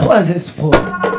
What was this for?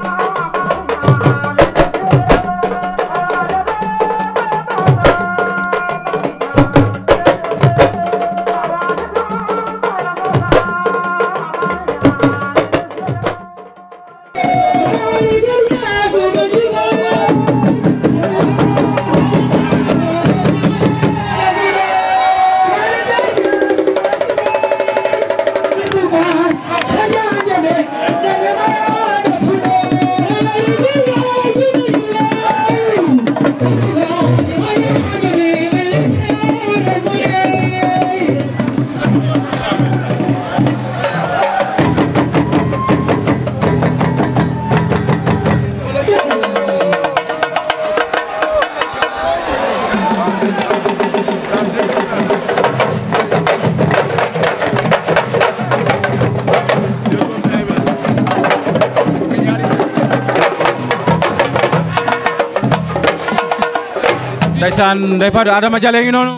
ndaysaan Ndeye Fatou Adama Jalle ngi noonu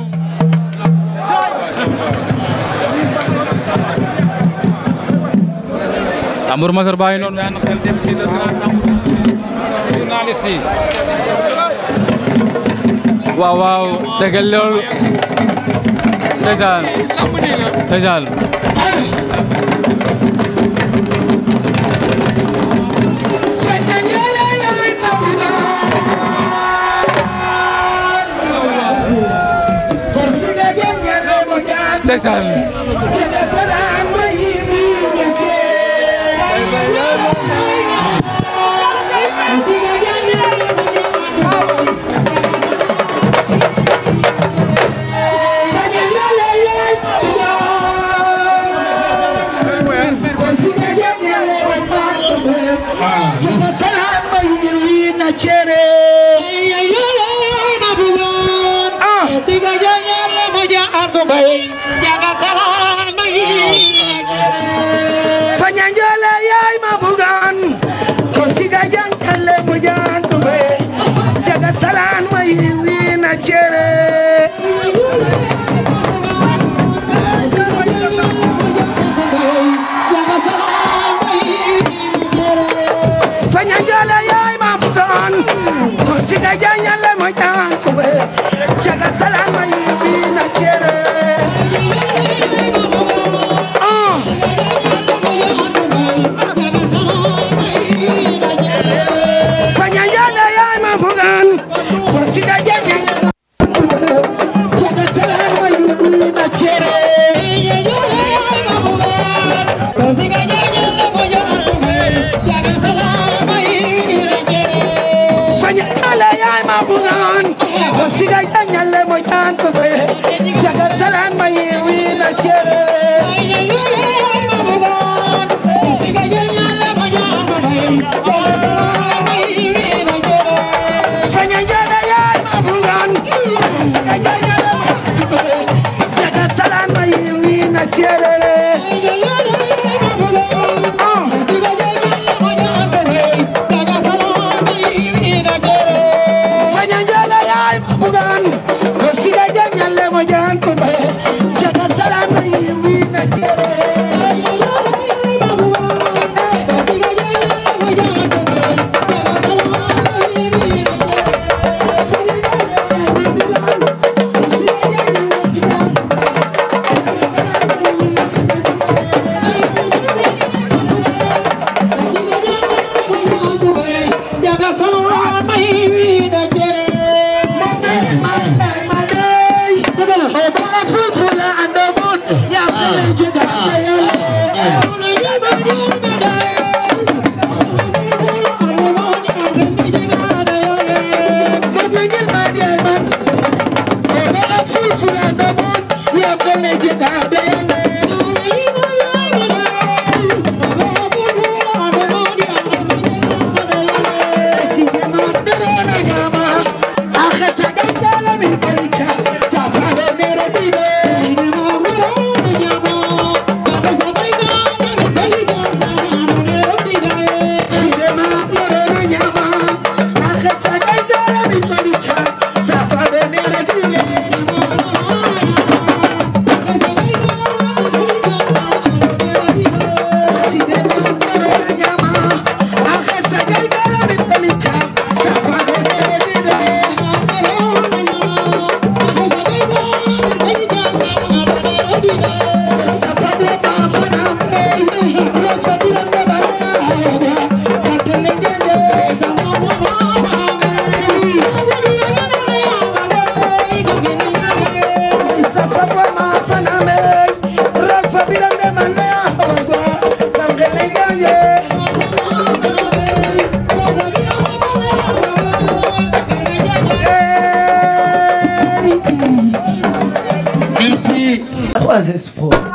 Amour Masar baa ngi noonu journaliste yi waaw waaw dégg nga loolu ndeysaan ndeysaan ndeysaan siga janyale mo jantu be jaga ah fazer esse fogo.